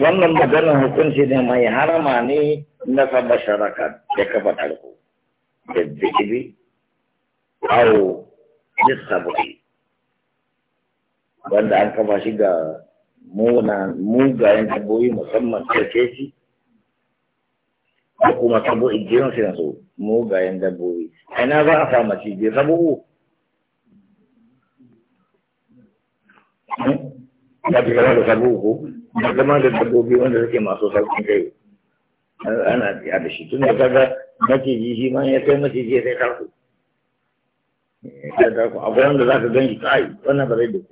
wannan maganar hukunci ne mai harama ne na saba sharaka da kafa tarko da bikini awo disabuki wanda an kafa shi ga mugayen taboyi musamman shi ko kuma tabo igiyar su mugayen dabbobi. Aina za a samu cije sabo'u ka fi da sabu ko da zama da dabbobi wanda suke masu sauƙin kai ana ya da shi tun da kaga maciji shi ma ya kai maciji ya sai tarko akwai wanda za ka gan shi kai wannan ba zai da ku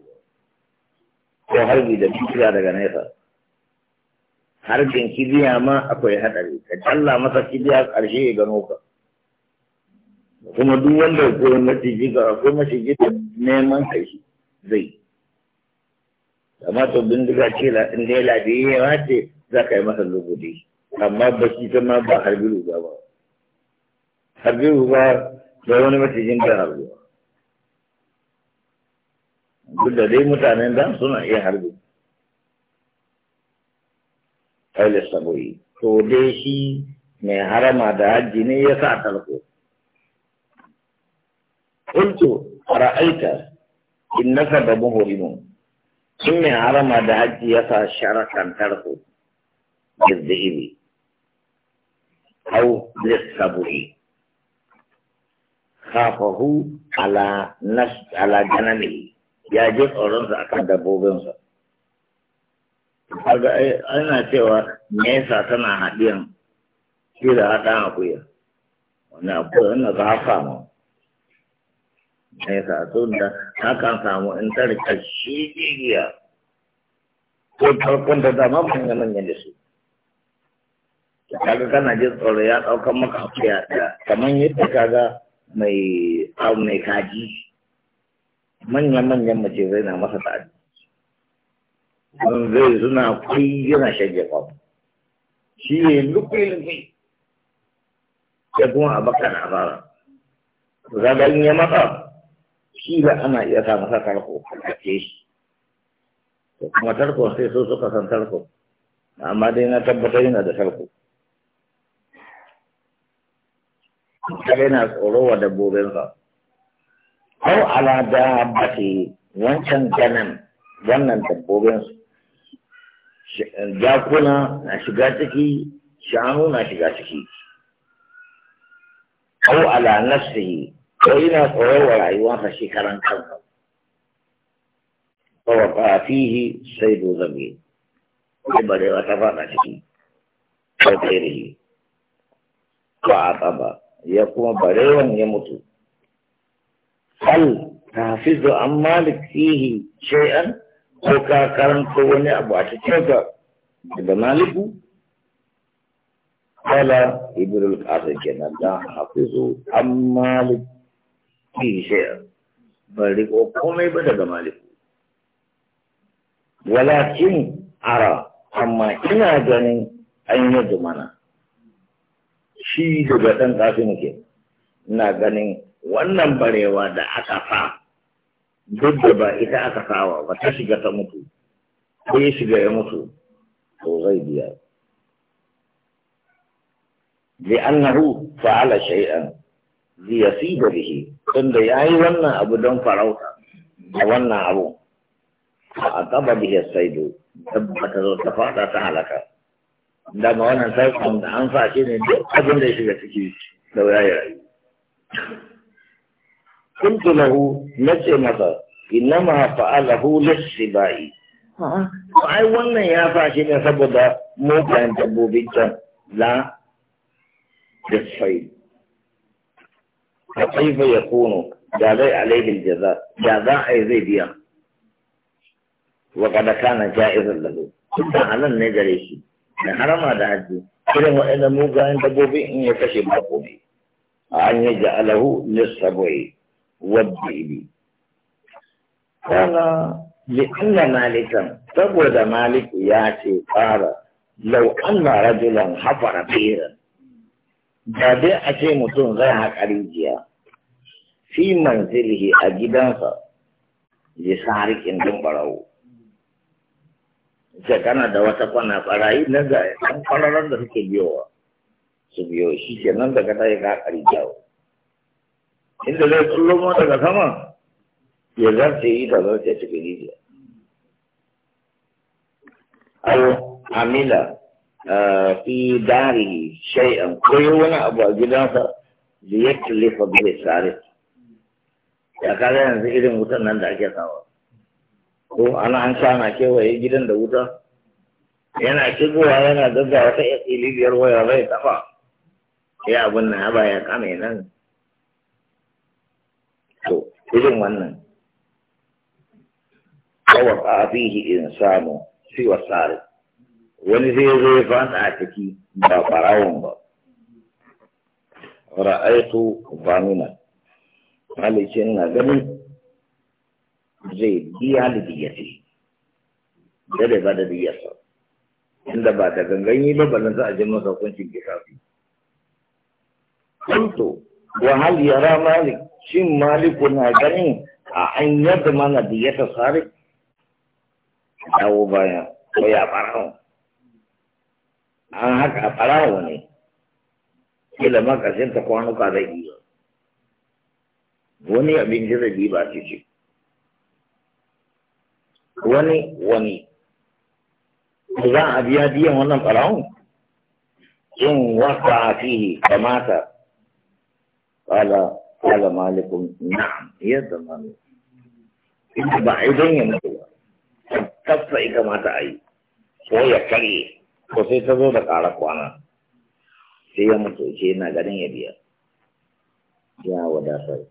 ko harbi da dukiya daga nesa harbin kibiya ma akwai haɗari ka talla masa kibiya ƙarshe ya gano ka kuma duk wanda ko maciji ga ko maciji neman kai zai amma to bindiga ce in dai lafiyewa ce za ka yi masa lugudi amma ba shi ma ba harbi ruga ba harbi ruga da wani macijin da harbi duk da dai mutanen da suna iya harbi aile saboyi to dai shi mai harama da hajji ne ya sa talko قلت أرأيت nasa نسبه مهرم sun ne harama da hajji ya sa sharakan tarko izda'ibi au lissabu'i khafahu ala nas ala ganami ya je tsoronsa akan dabbobinsa kaga ana cewa nesa tana haɗiyan shi da haɗa akuya wannan akuya wannan za a samu nesa tun da hakan samu in ta rika shi jigiya ko farkon da dama ga manyan da su kaga kana jin tsoro ya ɗaukar maka akuya da kamar yadda kaga mai au mai kaji manyan manyan mace zai na masa ta'adi don zai suna kai yana shage kwam shi ne lukwai lukwai ya kuma a baka na fara zaga in ya matsa kila ana iya sa masa tarko a ce shi kuma tarko sai so suka san tarko amma dai na tabbatar yana da tarko kare na tsoro wa dabbobinsa Hau ala da dabbati wancan ganin wannan dabbobinsu jakuna na shiga ciki shanu na shiga ciki Hau ala nafsihi ko yana koyarwa ta shi karan kansa wa sai fihi saydu zabi ko bare wata fada ciki ko tere ba a tsaba. ya kuma barewan ya mutu hal hafizu an malik fihi shay'an ko ka karanta wani abu a cikin ka da maliku قال ابن القاسم كان hafizu amma مالك fi shi'a ba riko komai ba daga maliku walakin ara amma ina ganin an yi dumana shi daga ɗan ƙafi muke ina ganin wannan barewa da aka fa duk da ba ita aka sawa ba ta shiga ta mutu ko ya mutu to zai biya li'annahu fa'ala shay'an liyasi da bihi tunda ya yi wannan abu don farauta da wannan abu a gaba bihiyar saido do, ta zo ta fada ta halaka dama wannan saikon da an sa shi ne duk abin da ya shiga ciki da ya yi rayu kuntu na ce masa ma fa'alahu lis-sibai to ai wannan ya shi ne saboda mugayen dabbobin can la da sai فكيف يكون جاد عليه الجزاء جزاء زي بيا وقد كان جائزا له كنا على النجري شيء حرام هذا حجي كده ما انا مو قاعد تبوبي ان يكشف بقومي أن يجعله للسبع والدئب قال لأن مالكا تبود مالك ياتي قال لو أن رجلا حفر بئرا da dai a ce fi manzilihi a gidansa ya sarikin din barawo ce kana da wata kwana barayi na ga ɗan kwararar da suke biyowa su biyo shi ke nan daga ta yi kakari inda zai tsullo daga sama ya zarce yi da zarce cikin rijiya أو عمل في wani abu a gidansa أبو أجدانسا ليكلف به الثالث ya kaga yanzu irin wutan nan da ake sawa ko ana an sa na kewaye gidan da wuta yana cigowa, yana gaggawa wata biyar waya zai tafa ya abin nan ba ya kame nan to irin wannan kawar abihi samu fi tsari. wani zai zo ya fada a ciki ba farawon ba ra'aitu banuna malice na ganin zai biya da diyyati dare ba da diyyarsa inda ba da ganganyi ba ballan za a jin masa hukuncin gisafi kanto wa hal yara malik shin maliku na ganin a an yadda mana diyata sare? dawo baya ko ya farawa, an haka a farawo ne kila ma kwanuka zai iya wani abin jirgi ba ce ce wani wani za a biya biyan wannan ɓarawun in wasa a fiye fihi kamata ƙala ƙala malikun na'am yadda manu inda ba a yi don ya mutu ba tafsa ya mata a yi ko ya karye ko sai ta zo da ƙara kwana sai ya mutu ce na garin ya biya ya wadatar